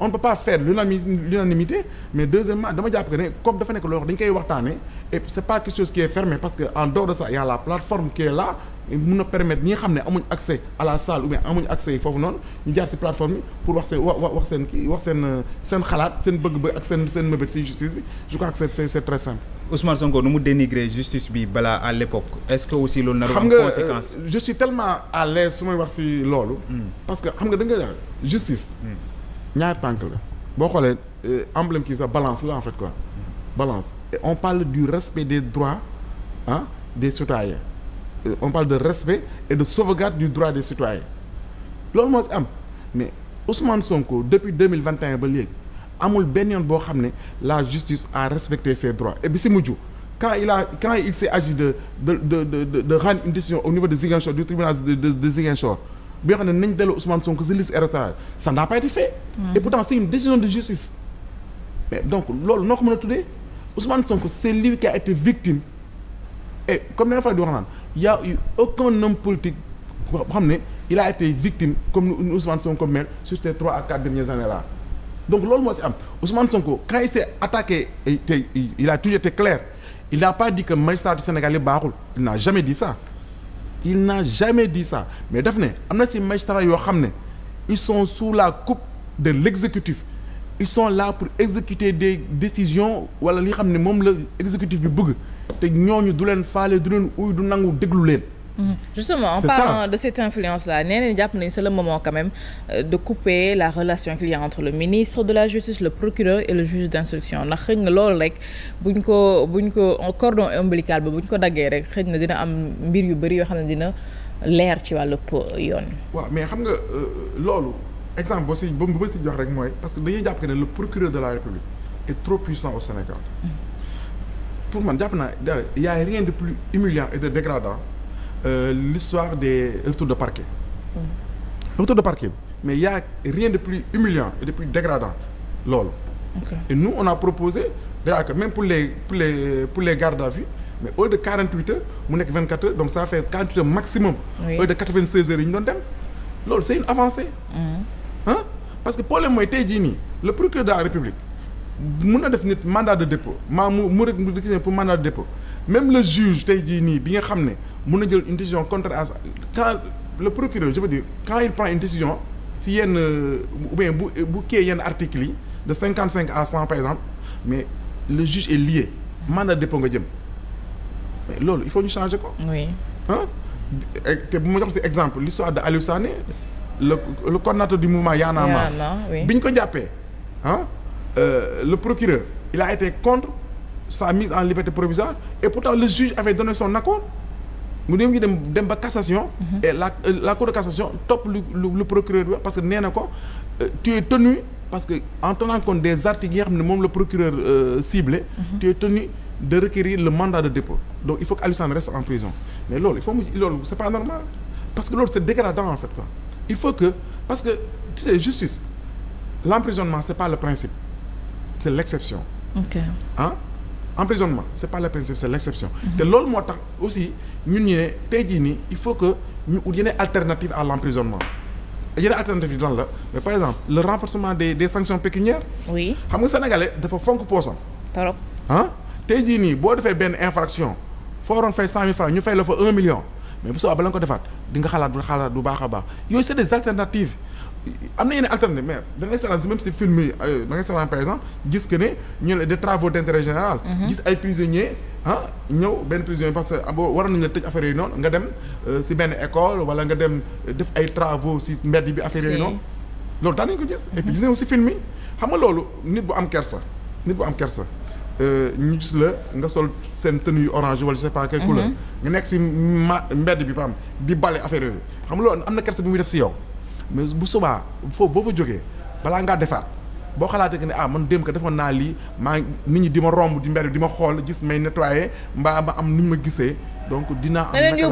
on ne peut pas faire l'unanimité mais deuxièmement dama jàpp que ne comme dafa nekk loo dañ koy waxtaanee et c'est pas quelque chose qui est fermé parce que en de ça il y a la plateforme qui est là mun na permettre ñi xam ne amuñ accès à la salle ou bien amuñ accès yi foofu noonu ñu jaar ci yi pour wax seen wax seen kii wax seen euh, seen xalaat seen bëgg-bëgg ak seen seen mébét ci justice bi je crois que c'est c'est très simple. Ousmane Sonko nu mu dénigrer à l'époque est-ce que aussi loolu naru am euh, hmm. xam nga da nga hmm. ñaar tànk la boo xoolee euh, emblème kii sax balance la en fait quoi balance et on parle du respect des droits ah des citoyens euh, on parle de respect et de sauvegarde du droit des citoyens loolu moo si am mais Ousmane Sonko depuis deux mille vingt et un ba léegi amul benn boo xam ne la justice a respecté ses droits et bi si mujj quand il a quand il s'est agi de de de de de rendre une décision au niveau de Ziguinchor du tribunal de de de bi nga xam ne nañ delloo Ousmane Sonko si liste électorale ça n'a pas été fait. Mm. et pourtant c'est décision de justice. mais donc loolu noo ko mën a tuddee Ousmane Sonko c'est lui qui a été victime comme ni nga fay di wax naan y boo xam ne il a été victime comme ni Ousmane Sonko mel sur ces trois à quatre dernières années là. donc loolu moo si am Ousmane Sonko quand il s'est attaqué te il a toujours été clair il n'a pas dit que magistrat Sénégal yi baaxul il n'a jamais di ça. il n'a jamais dit ça mais daf ne am na ci magistrat yoo xam ne il son sous la coupe de l'exécutif il son la pour exécuter des décisions wala li xam ne moom la exécutif bi bëgg te ñooñu du leen faale du leen uy du nangu déglu leen Mhm. justement en parlant ça. de cette influence là nee jàpp nañ c'est le moment quand même euh, de couper la relation qu'il y a entre le ministre de la justice le procureur et le juge d'instruction ndax xëy na loolu rek buñ ko buñ ko cordon ombilical ba buñ ko daggee rek xëñ na dina am mbir yu bëri yoo xam ne dina leer ci wàllu yoon waaw mais xam nga euh, loolu exemple boo si ba si jox rek mooy parce que dañuy jàpp que ne le procureur de la république est trop puissant mhm. man jàpp naa y a rien de plus humiliant et de dégradant euh, l'histoire de retours de parquet mmh. retour de parquet mais y a rien de plus humiliant et de plus dégradant loolu okay. et nous on a proposé déjà que même pour les pour les pour les à vue mais au lieu de 48 heures mu nekk 24 heures donc ça fait 48 heures maximum oui. au lieu de 96 heures yi ñu doon dem loolu c'est une avancée mm. parce que problème mooy tey jii nii le procureur de la République mun na def nit mandat de dépôt maa mu mu rek mu pour mandat de dépôt même le juge tey jii nii bi nga xam ne mun na jël une décision contraire à quand le procureur je veux dire quand il prend une décision si yenn ou bien bu bu kii yenn articles yi de cinquante cinq à cent par exemple mais le juge est lié mandat de nga jëm loolu il faut ñu changer ko. oui ah te bu ma jox si exemple l'histoire de Aliou Sané le le coordonnateur du mouvement Y'en a bi ñu ko jàppee ah le procureur il a été contre sa mise en liberté provisoire et pourtant le juge avait donné son accord. mu dem ñu dem dem ba cassation. Mhm. et la euh, la cour de cassation topp lu lu procureur parce que nee na ko euh, tu es tenu parce que en tenant compte des articles yi nga xam ne moom la procureur euh, ciblé. Mhm. tu es tenu de requérir le mandat de dépôt donc il faut que Aliou en prison mais loolu il faut mu loolu c'est pas normal parce que loolu c'est dégradant en fait quoi il faut que parce que tu sais justice l'emprisonnement c'est pas le principe c'est l'exception. ok emprisonnement c'est pas la principe c'est l'exception te loolu moo tax aussi ñun ñu ne tey jii nii il faut que ñu yeneen alternative à l'emprisonnement yeneen alternative yi doon la mais par exemple le renforcement des des sanctions pécuniaires oui xam nga sénégalais dafa fonk poosam torop ah tey nii boo defee benn infraction foo waroon fay cent mille francs ñu fay la fa un million mais bu soobee ba nga ko defaat di nga xalaat du xalaat du baax a baax yooyu c'est des alternatives am na yeneen alternative mais da ngay seetaan même si film yi da ngay par exemple gis que ne ñu ne des travaux d' intérêt général. Mhm. gis ay prisonniers ah ñëw benn prisonnier parce que boo waroon nañu la tëj affaire yooyu noonu nga dem euh, si benn école wala nga dem euh, def ay travaux si mbedd bi affaire yooyu noonu. loolu daan nañu ko gis. et puis si film yi xam nga loolu nit bu am kersa nit bu am kersa. Euh, ñu gis la nga sol seen tenue yu orange wala je sais pas quelle mhm. couleur. nekk si ma mbedd bi pam di bale affaire yooyu xam nga am na kersa bi muy def si yow. mais bu subaa foofu boo fa jógee balaa ngaa defar boo xalaatee que ne ah man démb ko defoon naa lii maa nit ñi di ma romb di mbedd di ma xool gis may nettoyer mbaa ma am nuñ ma gisee donc dinaa. am na leen yoo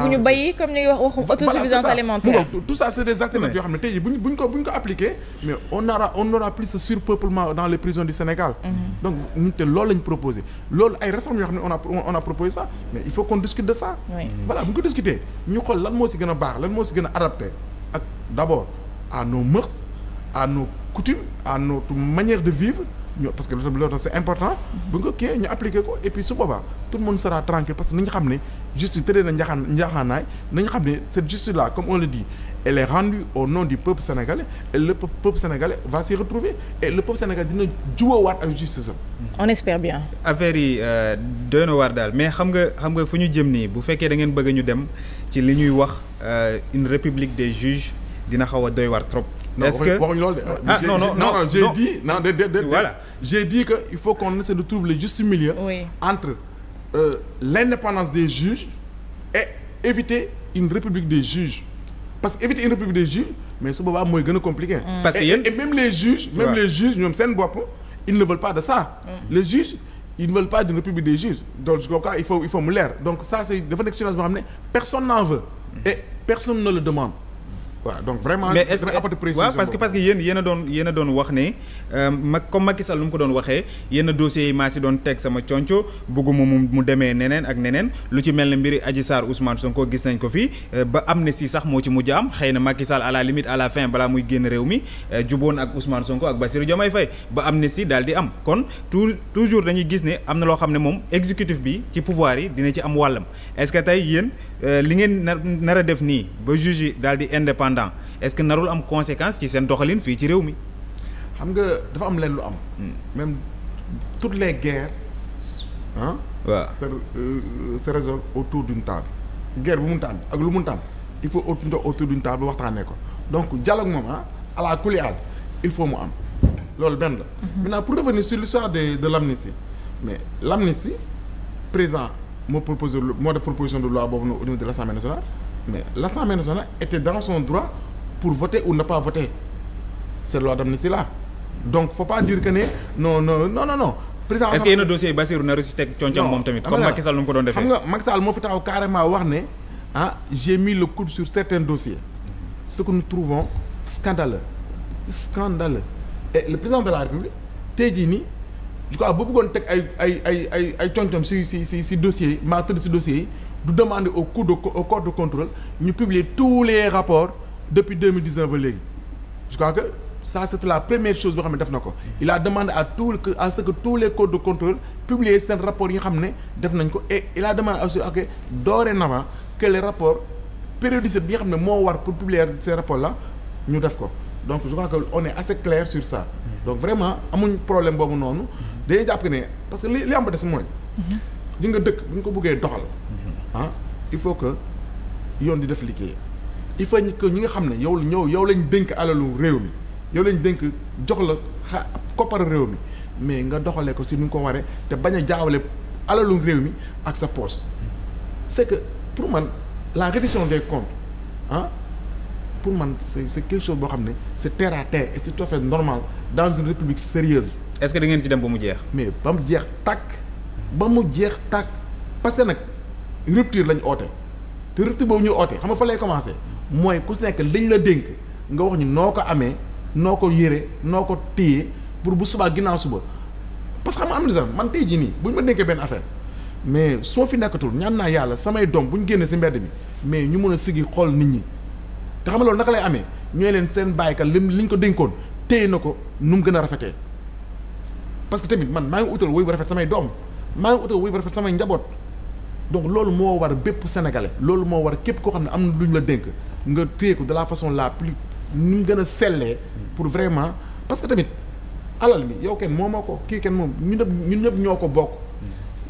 xam ne tey jii buñ buñ ko buñ ko appliqué mais on aura on aura plus ce surpeuplement dans les prisons du Sénégal. Mhm. donc ñun te loolu lañ proposé. loolu ay réformes yoo xam ne on a on mais il faut qu'on discute de ça. voilà bu ñu ko discuter lan moo si gën a baax lan moo si gën a abord. à nos mœurs à nos coutumes à notre manière de vivre ñu parce que loolu tamit c'est important bu ñu ko kiiyee ñu appliqué ko et puis su boobaa tout tranquille parce que nañu xam ne justice tëddee na njaaxaan njaaxaanaay nañu xam ne cette justice là comme on le dit elle est rendue au nom du peuple sénégalais et le peuple sénégalais va s'y retrouver et le peuple sénégalais dina juwawaat ak justice am. on espère bien. affaire yi euh, doy na waar daal mais xam nga xam nga fu ñu jëm nii bu fekkee da ngeen bëgg ñu dem ci li ñuy wax euh, une république des juges. dina xaw a doy war trop. est-ce que waxuñu loolu de. ah non non non j'ai dit non de de de voilà j'ai dit que il faut qu'on essaie de trouver le juste milieu. entre euh, l'indépendance des juges et éviter une république des juges parce que éviter une république des juges mais su boobaa mooy gën a compliqué. Mm. parce que yéen et même les juges. même les juges ñoom seen bopp ils ne veulent pas de ça. Mm. les juges. ils ne veulent pas d'une république des juges donc kooku il faut il faut mu leer donc ça c'est dafa nekk situation boo xam ne personne n'en veut mm. et personne ne le demande waaw donc vraiment. mais est parce que parce que yéen yéen a doon doon wax ne euh, mag comme Macky Sall lu mu ko doon waxee yenn dossiers yi maa si doon teg sama conco bëgguma mu mu demee neneen ak neneen lu ci mel ne mbiri Adji Sarr Ousmane Sonko gis nañ ko fi euh, ba amnistie sax moo ci mujj am xëy na Macky Sall à la limite la fin balaa muy génn réew mi euh, juboon ak Ousmane Sonko ak Bassirou Diomaye Faye ba amnistie daal di am kon tout toujours dañuy gis ne am na loo xam ne moom exécutif bi ci pouvoir yi dina ci am wàllam est-ce que tey yéen li ngeen nar def nii ba daal di indépendant indépendant est-ce que narul am conséquence ci seen doxalin fii ci réew mi. xam nga dafa am leen lu am. Hmm. même toutes les guerres. ah. waaw se euh, se résolvent autour d'une table. guerre bu mënta am ak lu mënta am il faut autour autour d'une table waxtaanee ko donc dialogue moom ah à la kulli il faut mu am loolu benn la. Mhm. naa pour revenir sur l'histoire de de l'amnistie mais l'amnistie président moo proposé moo def proposition de loi boobu noonu au niveau de l'Assemblée nationale. mais l'Assemblée nationale était dans son droit pour voter ou ne pas voter cette loi d'amnistie-là donc faut pas dire que ne non non non no non. président est-ce que yenn dossier yi Bassirou naru si teg coñcam moom tamit. comme Macky Sall nu mu ko doon defee. xam nga Macky moo fi taxaw carrément wax ne ah j'ai mis le coude sur certains dossiers. ce que nous trouvons scandaleux scandaleux et président de la République tey jii nii. je crois bu bëggoon teg ay ay ay ay ay coñtom si si si si dossiers yi maa tëdd si dossiers yi du demander au cours de au corps de contrôle ñu publier tous les rapports depuis deux mille dix ba léegi je crois que ça c'était la première chose boo xam ne def na ko il a demandé à tout que à ce que tous les corps xam ne def nañ ko et il a demandé aussi ak dorénavant que les rapports périodicité bi nga xam ne moo war pour publier ces rapports la ñu def ko donc je crois que on est assez clair sur ça mm. donc vraiment amuñ problème boobu noonu dañuy jàpp ne parce que li li am ba des mooy. ji nga dëkk bu ñu ko bëggee doxal. ah il faut que yoon di def liggéey il faut que ñi nga xam ne yow ñëw yow lañ dénk alalu réew mi yow lañ dénk jox la xa koppar réew mi mais nga doxalee ko si ni nga ko waree te bañ a jaawale alalu réew mi ak sa poche. c'est que pour man la reddition des comptes pour man c'est c'est quelque boo xam ne c'est terre à terre et c'est tout à fait normal dans une république sérieuse est-ce que da ngeen ci dem ba mu jeex mais ba mu jeex tàkk ba mu jeex tàkk parce que nag rupture lañ oote te rupture boobu ñu oote xam nga fa lay commencer mooy ku si nekk li liñ la dénk nga wax ñi noo ko amee noo ko yére noo ko téye pour bu subaa ginnaaw suba parce que xam nga am man tey ji nii bu ñu ma dénkee benn affaire mais su ma fi nekkatul ñaan naa yàlla samay doom bu ñu génnee si mbedd bi mais ñu mën a sigi xool nit ñi te xam nga loolu naka lay amee ñooy leen seen bàyyikat lim liñ ko dénkoon téye na ko nu mu gën a rafetee parce que tamit man maa ngi utal woy bu rafet samay doom maa ngi utal woy bu rafet samay njaboot donc loolu moo war bépp sénégalais loolu moo war képp koo xam ne am na lu ñu la dénk nga téye ko de la façon la plus nu mu gën a sellee pour vraiment parce que tamit alal bi yow kenn moomoo ko kii kenn moom ñun ne ñun ñëpp ñoo ko bokk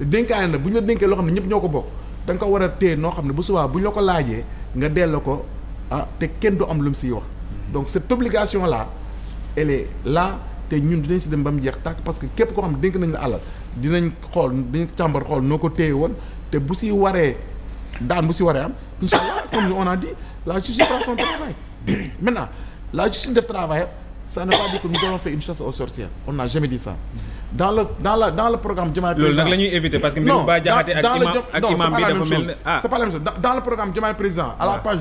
dénkaane na bu ñu la loo xam ne ñëpp ñoo ko bokk da nga ko war a noo xam ne bu subaa bu ñu la ko laajee nga delloo ko ah te kenn du am lu mu siy wax donc cette obligation là elle laa te ñun dinañ si dem ba mu jeex tàkk parce que képp koo xam dénk nañ la alal dinañ xool dinañ càmbar xool noo ko téye woon te bu si waree daan bu si waree am incha allah comme on a dit la justice fera son travail maintenant la justice def travail ça ne veut pas dire que fait une chasse aux sorcières on n'a jamais dit ça dans le dans la dans le programme Diomaye président loolu nag la ñuy éviter parce que mbirum Bah Diakhaté ak imam ak imam bi dafa mel ne ah c'est pas la même chose dans le programme Diomaye président à la page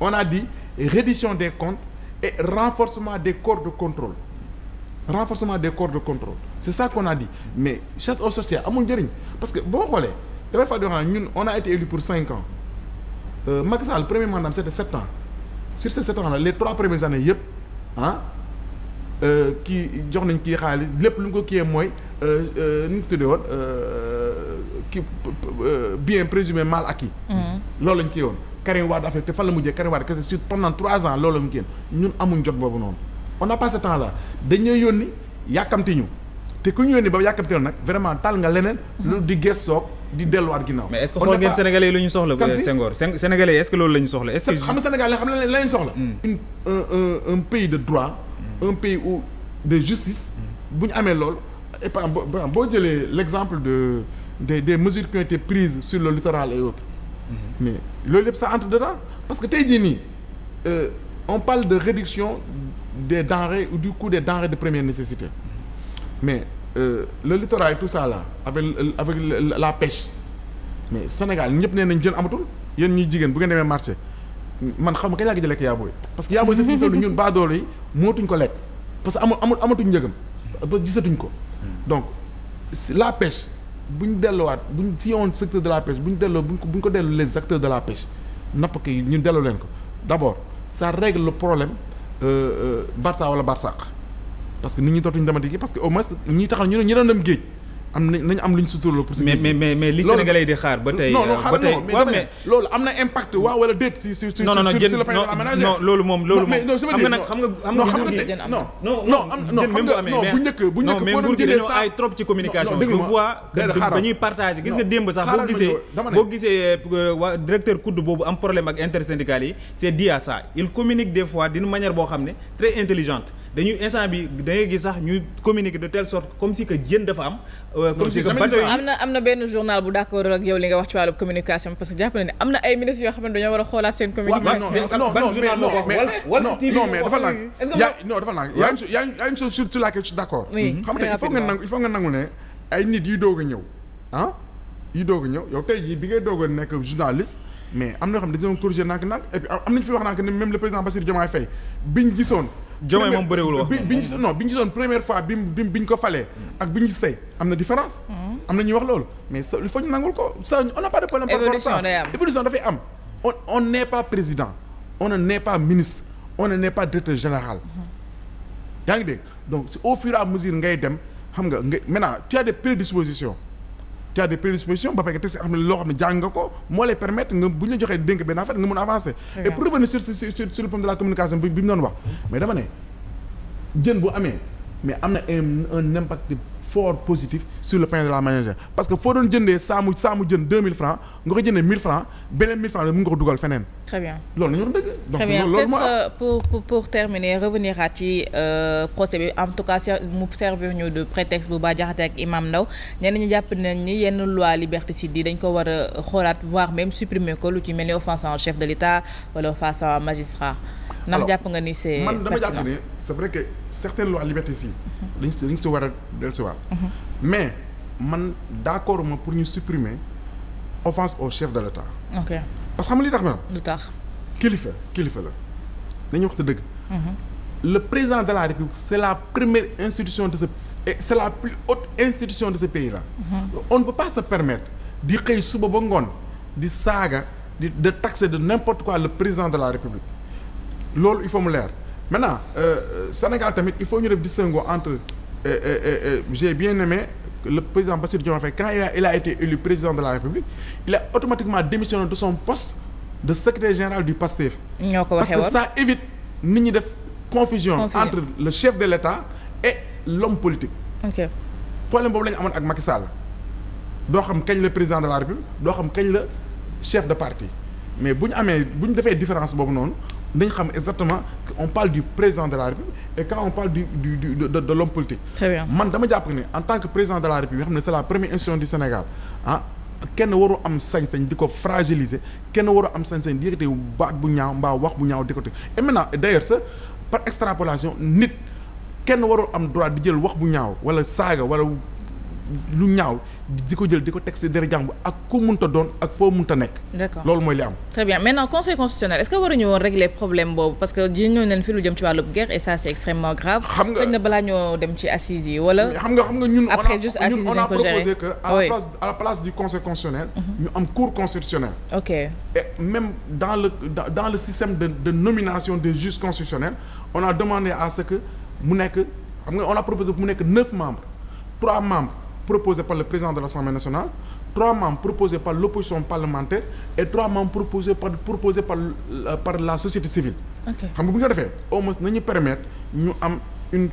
on a dit reddition des comptes et renforcement des corps de contrôle renforcement des corps de contrôle c'est ça qu'on a dit mais chasse aux sorcières amul njëriñ parce que boo xoolee dafay fàttali wax on a été élu pour cinq ans euh, Macky Sall premier mandat c'était sept ans sur yëpp ah, Euh, kii jox nañ kii xaalis lépp lu ñu ko kiyee mooy euh, euh, nu ñu woon kii bien présumé mal acquis. Mm-hmm. loolu lañ kii woon Karim Wade Afrique te fan la mujjee Karim Wade kese sur pendant trois ans loolu la mu génn ñun amuñ jot boobu noonu on n'a pas ce temps là dañuy yónni yàkkamti ñu te ku ñu yónni ba yàkkamti ñu nag vraiment tal nga leneen. lu mm-hmm. di gëstoog di delluwaat ginnaaw. mais est-ce que xool ngeen sénégalais yi lu ñu soxla. comme Senghor sénégalais est-ce que loolu la ñu soxla. est mm. de droit. un pays où de justice bu ñu amee lool et par boo jëlee l'exemple de des des mesures qui ont été prises sur le littoral et autres mm-hmm. mais lool yëpp ça entre dedans parce que tey jii nii euh, on parle de réduction des denrées ou du coût des denrées de première nécessité mm-hmm. mais euh, le littoral et tout ça là avec avec la pêche mais Sénégal ñëpp neen nañ jën amatul yéen ñuy jigéen bu ngeen demee marché man xaw ma kañ laa gëj a lekk yaabooy parce que yaabooy sax fi mu ñun baadoolo yi mootuñ ko lekk parce que amul amul amatuñ njëgam parce que gisatuñ ko donc la pêche bu ñu delluwaat bu ñu si yoon secteur de la pêche bu ñu delloo bu ñu ko dellu les acteurs de la pêche nappkat yi ñun delloo leen ko d'abord sa règle le problème euh, euh, Barça wala Barsaq parce que nit ñi dootuñu demati kii parce que au moins ñi taxaw ñu ne géej am nañ nañ am luñ suturloo pour. mais mais mais li Sénégalais di xaar ba tey. Euh, ba tey waaw mais loolu am na impact waaw wala déet si si si. non non non jën non loolu moom loolu moom. xam nga nag xam nga xam nga non non non xam nga non bu njëkk bu njëkk foo doon jëlee sax ay trop ci communication. je vois dañuy partager gis nga démb sax boo gisee boo gisee euh, euh, waa directeur kudd boobu am problème ak intersyndical yi c'est dû à ça il communique des fois d'une manière boo xam ne très intelligente dañuy instant bi da ngay gis sax ñuy communiquer de telle sorte comme si que jën dafa am. Euh, comme si que bateau am na am na benn journal bu d'accord ak yow li nga wax ci wàllu communication parce que jàpp na ne am na ay ministres yoo xam ne dañoo war a xoolaat seen. communication non non mais non mais dafa lànk. est-ce dafa lànk y a y a une chose sur laquelle je suis d'accord. oui xam nga il faut nga nangu il faut nga nangu ne ay nit yu doog a ñëw ah yu na Diomaye moom bëriwul wax bi ñu ci non bi ñu ci première fois bi bi bi ko falee ak bi ñu ci am na différence mm-hmm. am na ñuy wax loolu mais il faut ñu nangul ko ça on n'a pas de problème par rapport à ça évolution dafay on ne pas ministre on ne n'est pas directeur général mm-hmm. yaa ngi dégg donc au fur et à ngay dem xam nga nga maintenant tu as des prédispositions tu as des prédispositions ba pare nga teg si xam ne loo xam ne jàng nga ko moo lay permettre bu ñu la joxee dénk benn affaire nga mën a avancer et pour revenir sur sur le plan de la communication bi bi mu doon wax mais dama ne jën bu amee mais am na un impact fort positif sur le pain de la ménagère parce que foo doon jëndee saamu saamu jën 2000 francs nga ko jëndee 1000 francs beneen 1000 francs la nga ko dugal feneen. très bien loolu la ñu dëgg. donc euh, ci euh, procès bi en tout cas mu servir ñu de prétexte bu Bah Diakhaté ak Imam Ndao ñenn ñi jàpp nañ ni yenn loi liberticide yi dañ ko war a xoolaat voire même supprimer ko lu ci mel ni offense chef de l'État wala offense magistrat. ndax jàpp nga ni c'est man dama jàpp ne c'est vrai que certaines lois liberticides dañ si dañ si war a dellusiwaat mais man d'accord ma pour ñu supprimer offense au chef de l'État ok parce que xam li tax ma lu tax kilifa kilifa la nañu wax te dëgg mhm. le président de la République c'est la première institution de ce c'est la plus haute mhm. on ne peut pas se di xëy suba ba ngoon di saaga di de taxer de n'importe quoi le président de la République loolu il faut mu leer maintenant euh, euh, Sénégal tamit il faut ñu def distinguo entre euh, euh, j'ai bien aimé le président Bassirou Diomaye Faye quand il la il a été élu président de la République il a automatiquement démissionné de son poste de secrétaire général du PASTEF. ñoo ko waxee woon parce que ça évite nit ñi def confusion. entre le chef de l'État et l'homme politique. ok problème boobu lañu amoon ak Macky Sall doo xam kañ la président de la République doo xam kañ la chef de parti mais bu ñu amee bu ñu defee différence boobu noonu. nañ xam exactement on parle du président de la république et quand on parle du du de, l'homme politique. man dama jàpp ne en tant que président de la république xam ne c'est la première institution du Sénégal ah kenn warul am sañ-sañ di ko fragiliser kenn waru am sañ-sañ di yëkkati baat bu ñaaw mbaa wax bu ñaaw di ko teg et maintenant d'ailleurs par extrapolation nit kenn warul am droit di jël wax bu ñaaw wala saaga wala. lu ñaaw di ko jël di ko teg si der jàmb ak ku munta doon ak foo munta nekk. d'accord loolu mooy li am. très bien maintenant conseil constitutionnel est-ce que waruñu woon régler problème boobu parce que ñëw nañ fi lu jëm ci wàllub guerre et ça c'est extrêmement grave. xam nga na balaa ñoo xam nga ñun. après juste on a proposé que à la place du conseil constitutionnel. Mhm. ñu am cour constitutionnel. ok et même dans le dans le système de de nomination des juges constitutionnels on a demandé à que mu nekk xam nga on a proposé mu nekk neuf membres trois membres. proposé par le président de l'Assemblée nationale trois membres proposés par l'opposition parlementaire et trois membres proposés par proposés par euh, par la société civile. xam nga bu ñu defee au moins nañu permettre ñu am une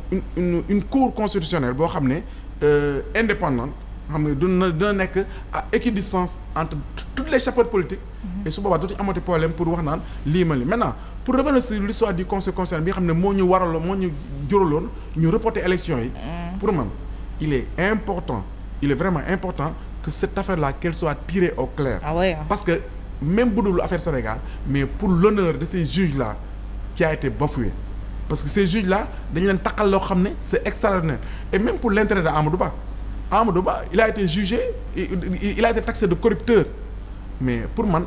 une une une constitutionnelle boo xam ne euh, indépendante xam ne dina dina nekk à équidistance entre tout les chapelles politiques. Mhm. et su boobaa dootuñu amati problème pour wax naan lii ma li maintenant pour revenir sur l'histoire du conseil constitutionnel bi xam ne moo ñu waraloon moo ñu ñu reporter élection yi. Mm. il est important il est vraiment important que cette affaire-là qu'elle soit tirée au clair ah parce que même bu dul affaire Sénégal mais pour l'honneur de ces juges-là qui a été bafoué parce que ces juges-là dañu leen taqal loo xam ne c'est extraordinaire et même pour l'intérêt de Amadou Ba Amadou Ba il a été jugé il a été taxé de corrupteur mais pour man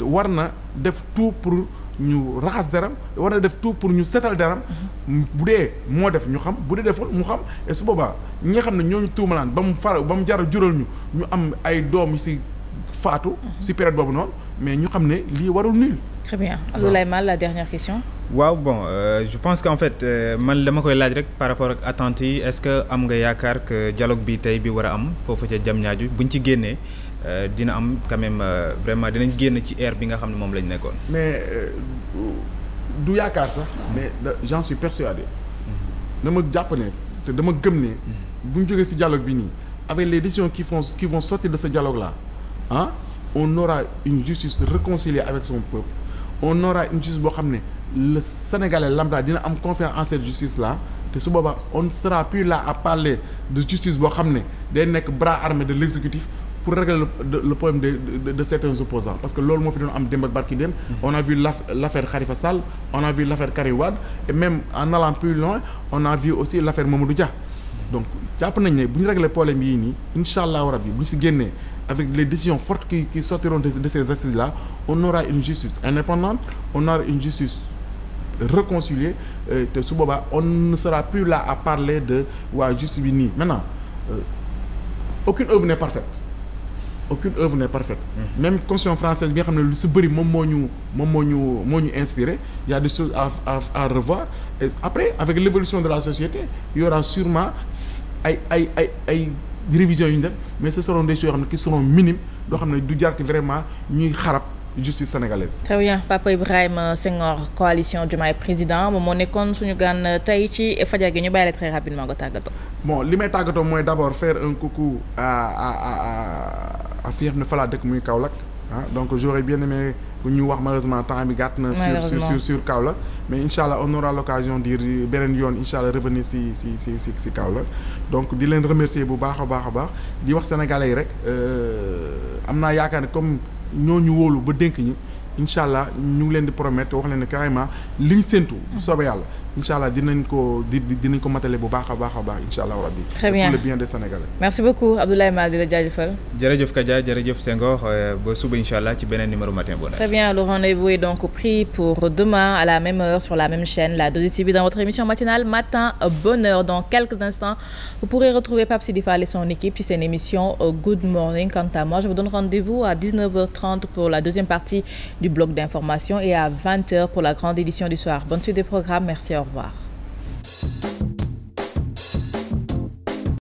war na def tout pour ñu raxas deram war a def tout pour ñu setal deram mhm. bu dee moo def ñu xam bu dee deful mu xam et su boobaa ñi xam ne ñooñu tuumalaan ba mu far ba mu jar jural ñu ñu am ay doom yu si faatu mhm. si période boobu noonu mais ñu xam ne lii warul nul très bien Abdoulaye Mal la dernière question waaw bon euh, je pense que en fait euh, man dama koy laaj rek par rapport ak attentes yi ce que am nga yaakaar que dialogue bi tey bi war a am foofu ca jam ñaaju ñu ci génnee Euh, dina am quand même euh, vraiment dinañ génn ci air bi nga xam ne moom lañ nekkoon. mais euh, du yaakaar sax. mais j'en suis persuadé. dama jàpp ne te dama gëm ne. bu ñu jógee ci dialogue bi nii avec les décisions qui font qui vont sortir de sa dialogue la ah on aura une justice réconciliée avec son peuple on aura une justice boo xam ne le Sénégalais lambda dina am confiance en cette justice là. te su boobaa on sera la là à parler de justice boo xam ne day nekk bras armé de l'exécutif pour régler le, le, le problème de, de, certains opposants parce que loolu moo fi doon am démb ak barki démb mm-hmm. on a vu l'affaire Khalifa Sall on a vu l'affaire Karim Wade et même en allant plus loin on a vu aussi l'affaire Mamadou Dia donc jàpp nañ ne bu ñu regle problème yii nii incha allahu rabbi bu ñu si génnee avec les décisions fortes qui qui sortiront de, de ces assises là on aura une justice indépendante on aura une justice réconciliée te su boobaa on ne sera plus là à parler de waa justice bi nii maintenant euh, aucune aucune œuvre n'est parfaite même constitution française bi nga xam ne lu si bëri moom moo ñu moom moo ñu moo ñu inspiré il y a des choses à revoir et après avec l'évolution de la société il y aura ay ay ay ay révisions yu ñu mais ce seront des choses yoo xam ne qui seront minimes doo xam ne du jarti vraiment ñuy xarab justice sénégalaise. très bien Papa Ibrahima Senghor coalition Diomaye président moom moo nekkoon suñu gan tey ci fajar gi ñu bàyyi la très rapidement nga tàggatoo. bon li may tàggatoo mooy d'abord faire un coucou à ah fii xam ne fa dëkk muy Kaolack ah donc j'aurais bien mais bu ñu wax malheureusement temps bi gàtt na. sur sur sur sur Kaolack mais incha allah on aura l'occasion beneen yoon incha allah revenir si si si si si Kaolack donc di leen remercier bu baax a baax a baax di wax sénégalais yi rek euh, am naa yaakaar ne comme ñoo ñu wóolu ba dénk ñi incha allah ñu ngi leen di promettre wax leen ne carrément liñ séntu. bu soobee yàlla. incha allah dinañ ko di dinañ ko matale bu baax a baax a baax incha rabbi. merci beaucoup Abdoulaye Mal la jaajëfal. jërëjëf Kadia jërëjëf Senghor euh, ba suba ci beneen numéro matin bonheur. très bien le rendez est donc pris pour demain à la même heure sur la même chaîne la 2STV dans votre émission matinale matin bonheur dans quelques instants vous pourrez retrouver Pape Sidi Fall son équipe ci seen émission euh, Good Morning quant à moi je vous donne au revoir.